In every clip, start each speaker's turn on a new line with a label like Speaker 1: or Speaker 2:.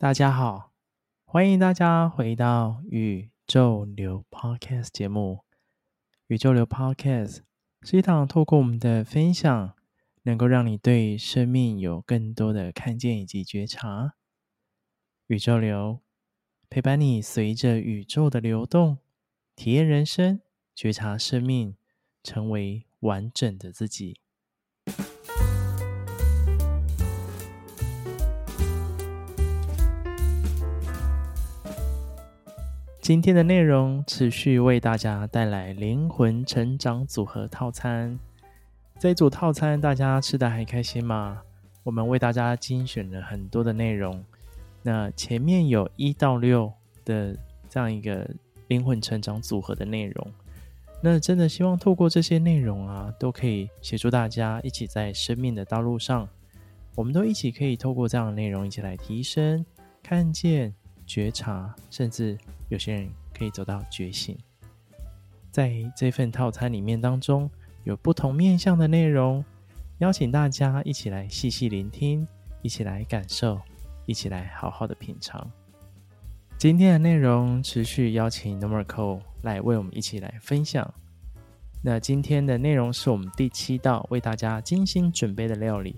Speaker 1: 大家好，歡迎大家回到宇宙流 Podcast 節目。宇宙流 Podcast 是一檔透過我們的分享，能夠讓你對生命有更多的看見以及覺察。宇宙流陪伴你，隨着宇宙的流動，體驗人生，覺察生命，成為完整的自己。今天的內容持續為大家帶來靈魂成長組合套餐。這一組套餐大家吃得還開心嗎？我們為大家精選了很多的內容，那前面有一到六的這樣一個靈魂成長組合的內容。那真的希望透過這些內容啊，都可以協助大家一起在生命的道路上，我們都一起可以透過這樣的內容一起來提升，看見。覺察，甚至有些人可以走到覺醒。在這份套餐裡面當中，有不同面向的內容，邀請大家一起來細細聆聽，一起來感受，一起來好好的品嚐。今天的內容持續邀請 Normekal 來為我們一起來分享。那今天的內容是我們第七道為大家精心準備的料理。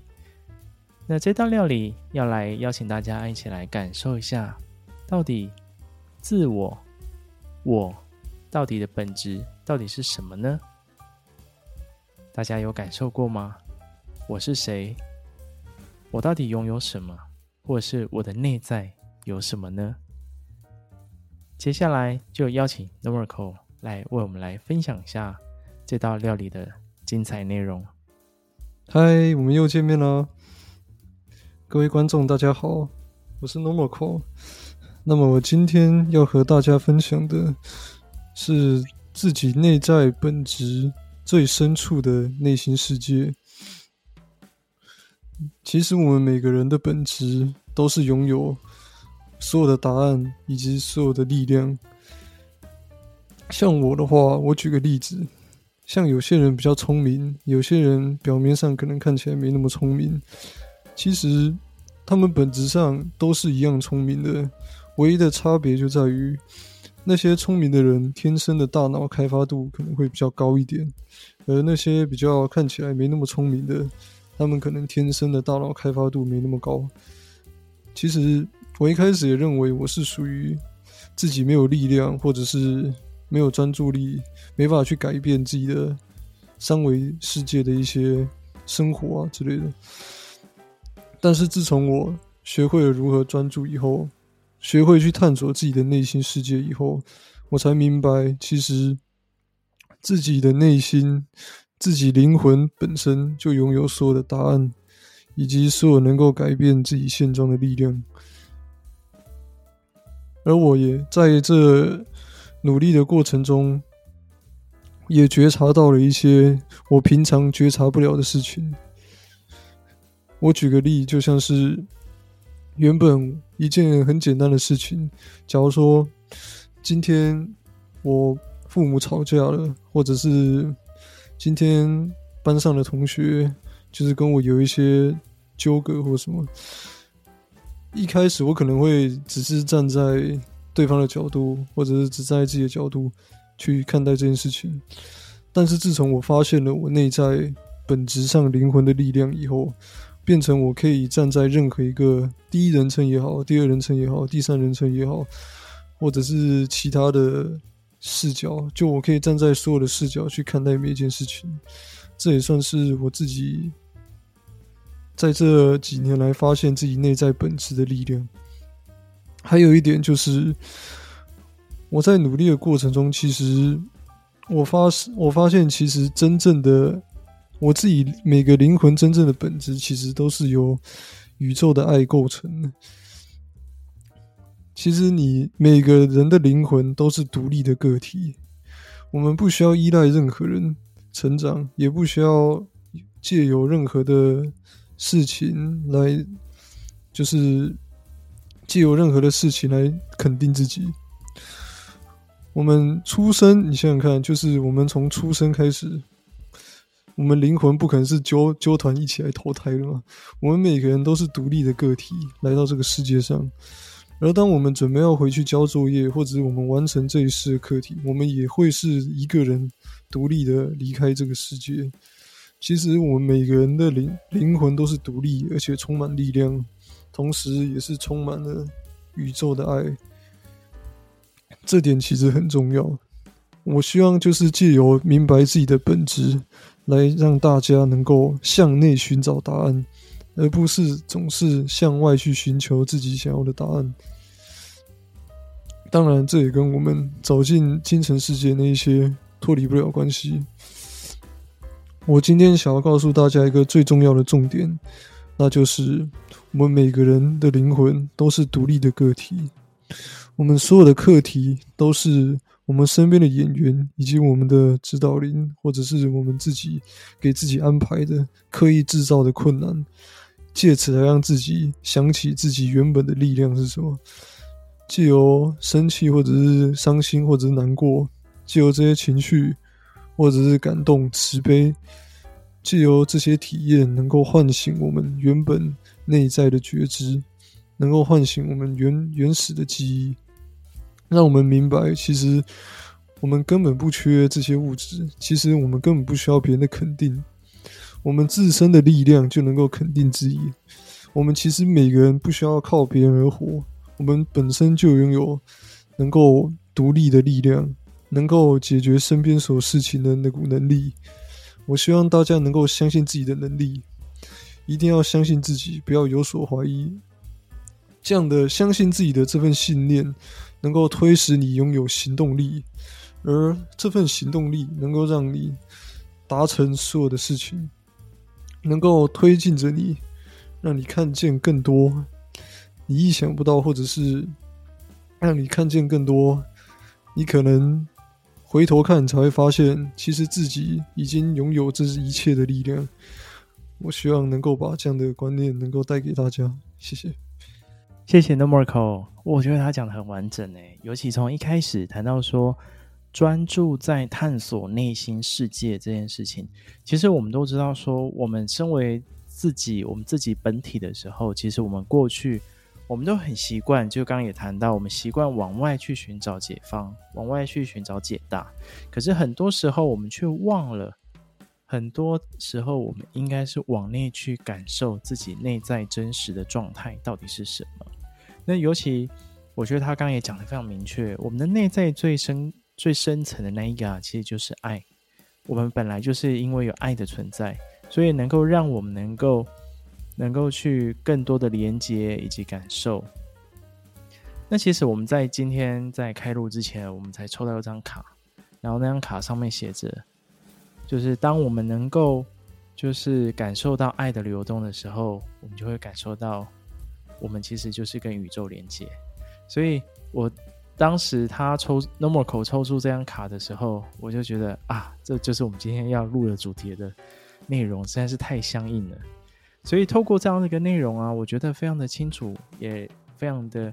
Speaker 1: 那這道料理要來邀請大家一起來感受一下。到底自我，我到底的本質到底是什麼呢？大家有感受過嗎？我是誰？我到底擁有什麼，或者是我的內在有什麼呢？接下來就邀請 Normekal 來為我們來分享一下這道料理的精
Speaker 2: 彩內容。嗨，我們又見面了，各位觀眾，大家好，我是 Normekal。那麼我今天要和大家分享的，是自己內在本質最深處的內心世界。其實我們每個人的本質都是擁有所有的答案以及所有的力量。像我的話，我舉個例子，像有些人比較聰明，有些人表面上可能看起來沒那麼聰明，其實他們本質上都是一樣聰明的。唯一的差別就在於，那些聰明的人天生的大腦開發度可能會比較高一點，而那些比較看起來沒那麼聰明的，他們可能天生的大腦開發度沒那麼高。其實我一開始也認為我是屬於自己沒有力量，或者是沒有專注力，沒法去改變自己的三維世界的一些生活啊之類的。但是自從我學會了如何專注以後。學會去探索自己的內心世界以後，我才明白，其實自己的內心、自己靈魂本身就擁有所有的答案，以及所有能夠改變自己現狀的力量。而我也在這努力的過程中，也覺察到了一些我平常覺察不了的事情。我舉個例，就像是。原本一件很簡單的事情，假如說今天我父母吵架了，或者是今天班上的同學就是跟我有一些糾葛或什麼，一開始我可能會只是站在對方的角度，或者是只站在自己的角度去看待這件事情。但是自從我發現了我內在本質上靈魂的力量以後。變成我可以站在任何一個第一人稱也好，第二人稱也好，第三人稱也好，或者是其他的視角，就我可以站在所有的視角去看待每一件事情。這也算是我自己在這幾年來發現自己內在本質的力量。還有一點就是，我在努力的過程中，其實我發我發現，其實真正的。我自己每個靈魂真正的本質，其實都是由宇宙的愛構成的。其實，你每個人的靈魂都是獨立的個體，我們不需要依賴任何人成長，也不需要借由任何的事情來，就是借由任何的事情來肯定自己。我們出生，你想想看，就是我們從出生開始。我們靈魂不可能是揪揪團一起來投胎的嘛？我們每個人都是獨立的個體來到這個世界上，而當我們準備要回去交作業，或者我們完成這一世的課題，我們也會是一個人獨立的離開這個世界。其實，我們每個人的靈靈魂都是獨立，而且充滿力量，同時也是充滿了宇宙的愛。這點其實很重要。我希望就是借由明白自己的本質。來讓大家能夠向內尋找答案，而不是總是向外去尋求自己想要的答案。當然，這也跟我們走進精神世界那一些脫離不了關係。我今天想要告訴大家一個最重要的重點，那就是我們每個人的靈魂都是獨立的個體，我們所有的課題都是。我們身邊的演員，以及我們的指導靈，或者是我們自己給自己安排的刻意制造的困難，借此來讓自己想起自己原本的力量是什麼；借由生氣，或者是傷心，或者是難過；借由這些情緒，或者是感動、慈悲；借由這些體驗，能夠喚醒我們原本內在的覺知，能夠喚醒我們原原始的記憶。讓我們明白，其實我們根本不缺這些物質。其實我們根本不需要別人的肯定，我們自身的力量就能夠肯定自己。我們其實每個人不需要靠別人而活，我們本身就擁有能夠獨立的力量，能夠解決身邊所有事情的那股能力。我希望大家能夠相信自己的能力，一定要相信自己，不要有所懷疑。這樣的相信自己的這份信念能夠推使你擁有行動力，而這份行動力能夠讓你達成所有的事情，能夠推進着你，讓你看見更多你意想不到，或者是讓你看見更多你可能回頭看才會發現，其實自己已經擁有這一切的力量。我希望能夠把這樣的觀念能夠帶給大家，謝謝。
Speaker 1: 謝謝 Normekal，我覺得他講得很完整誒、欸，尤其從一開始談到說專注在探索內心世界這件事情，其實我們都知道，說我們身為自己，我們自己本體的時候，其實我們過去我們都很習慣，就剛剛也談到，我們習慣往外去尋找解放，往外去尋找解答，可是很多時候我們卻忘了，很多時候我們應該是往內去感受自己內在真實的狀態到底是什麼。那尤其，我覺得他剛剛也講的非常明確，我們的內在最深、最深層的那一個啊，其實就是愛。我們本來就是因為有愛的存在，所以能夠讓我們能夠、能夠去更多的連接以及感受。那其實我們在今天在開錄之前，我們才抽到一張卡，然後那張卡上面寫着，就是當我們能夠，就是感受到愛的流動的時候，我們就會感受到。我們其實就是跟宇宙連接，所以我當時他抽 Normekal 抽出這張卡的時候，我就覺得啊，這就是我們今天要錄的主題的內容，實在是太相應了。所以透過這樣的一個內容啊，我覺得非常的清楚，也非常的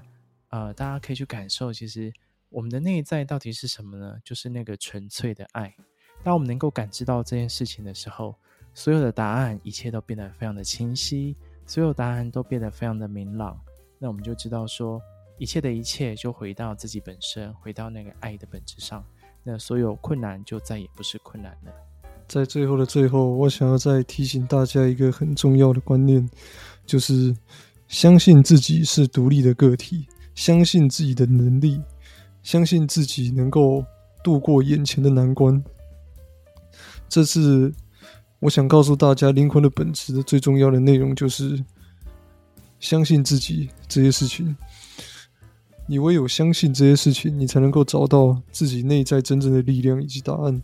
Speaker 1: 呃，大家可以去感受，其實我們的內在到底是什麼呢？就是那個純粹的愛。當我們能夠感知到這件事情的時候，所有的答案，一切都變得非常的清晰。所有答案都變得非常的明朗，那我們就知道說，一切的一切就回到自己本身，回到那個愛的本質上。那所有困難就再也不是困難了。
Speaker 2: 在最後的最後，我想要再提醒大家一個很重要的觀念，就是相信自己是獨立的個體，相信自己的能力，相信自己能夠度過眼前的難關。這是。我想告訴大家，靈魂的本質的最重要的內容就是相信自己。這些事情，你唯有相信這些事情，你才能夠找到自己內在真正的力量以及答案。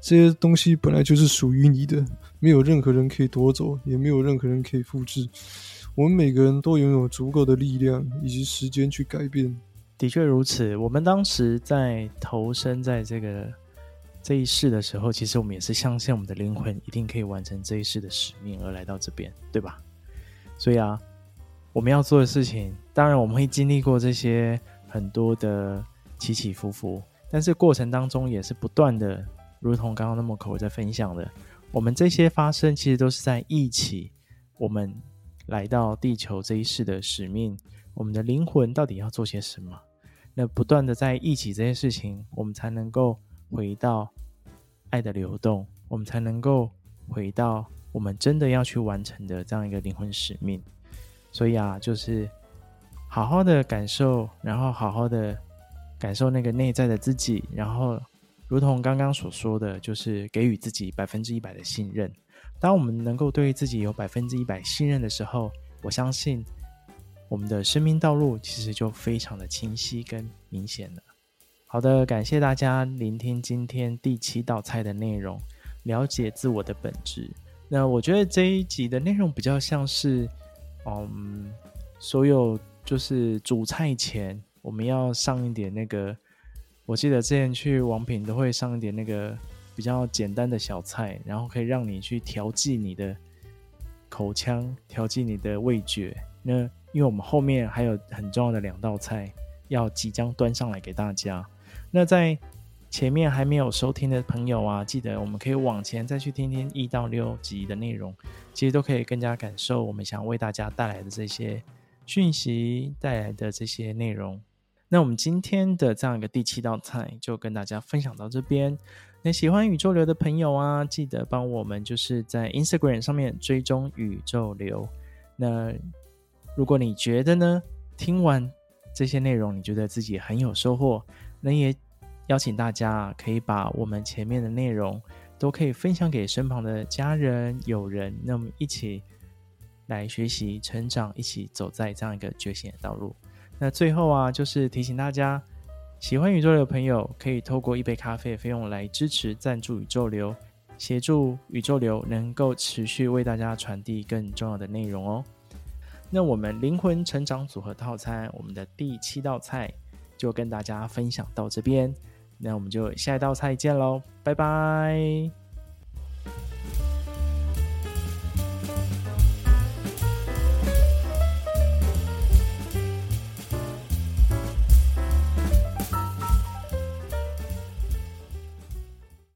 Speaker 2: 這些東西本來就是屬於你的，沒有任何人可以奪走，也沒有任何人可以複製。我們每個人都擁有足夠的力量以及時間去改變。的確如此，我們當時在
Speaker 1: 投身在這個。這一世的時候，其實我們也是相信我們的靈魂一定可以完成這一世的使命而來到這邊，對吧？所以啊，我們要做的事情，當然我們會經歷過這些很多的起起伏伏，但是過程當中也是不斷的，如同剛剛 Normekal 在分享的，我們這些發生其實都是在憶起，我們來到地球這一世的使命，我們的靈魂到底要做些什麼？那不斷的在憶起這些事情，我們才能夠。回到愛的流動，我們才能夠回到我們真的要去完成的這樣一個靈魂使命。所以啊，就是好好的感受，然後好好的感受那個內在的自己，然後如同剛剛所說的，就是給予自己百分之一百的信任。當我們能夠對自己有百分之一百信任的時候，我相信我們的生命道路其實就非常的清晰跟明顯了。好的，感謝大家聆聽今天第七道菜的內容，了解自我的本質。那我覺得這一集的內容比較像是，嗯，所有就是主菜前我們要上一點那個，我記得之前去王品都會上一點那個比較簡單的小菜，然後可以讓你去調劑你的口腔，調劑你的味覺。那因為我們後面還有很重要的兩道菜要即將端上來給大家。那在前面還沒有收聽的朋友啊，記得我們可以往前再去聽一聽一到六集的內容，其實都可以更加感受我們想為大家帶來的這些訊息帶來的這些內容。那我們今天的這樣一個第七道菜就跟大家分享到這邊。那喜歡宇宙流的朋友啊，記得幫我們就是在 Instagram 上面追蹤宇宙流。那如果你覺得呢，聽完這些內容，你覺得自己很有收穫。那也邀請大家可以把我們前面的內容都可以分享給身旁的家人、友人，那我們一起來學習、成長，一起走在這樣一個覺醒的道路。那最後啊，就是提醒大家，喜歡宇宙流的朋友可以透過一杯咖啡的費用來支持贊助宇宙流，協助宇宙流能夠持續為大家傳遞更重要的內容哦。那我們靈魂成長組合套餐，我們的第七道菜。就跟大家分享到這邊，那我們就下一道菜見嘍，拜拜！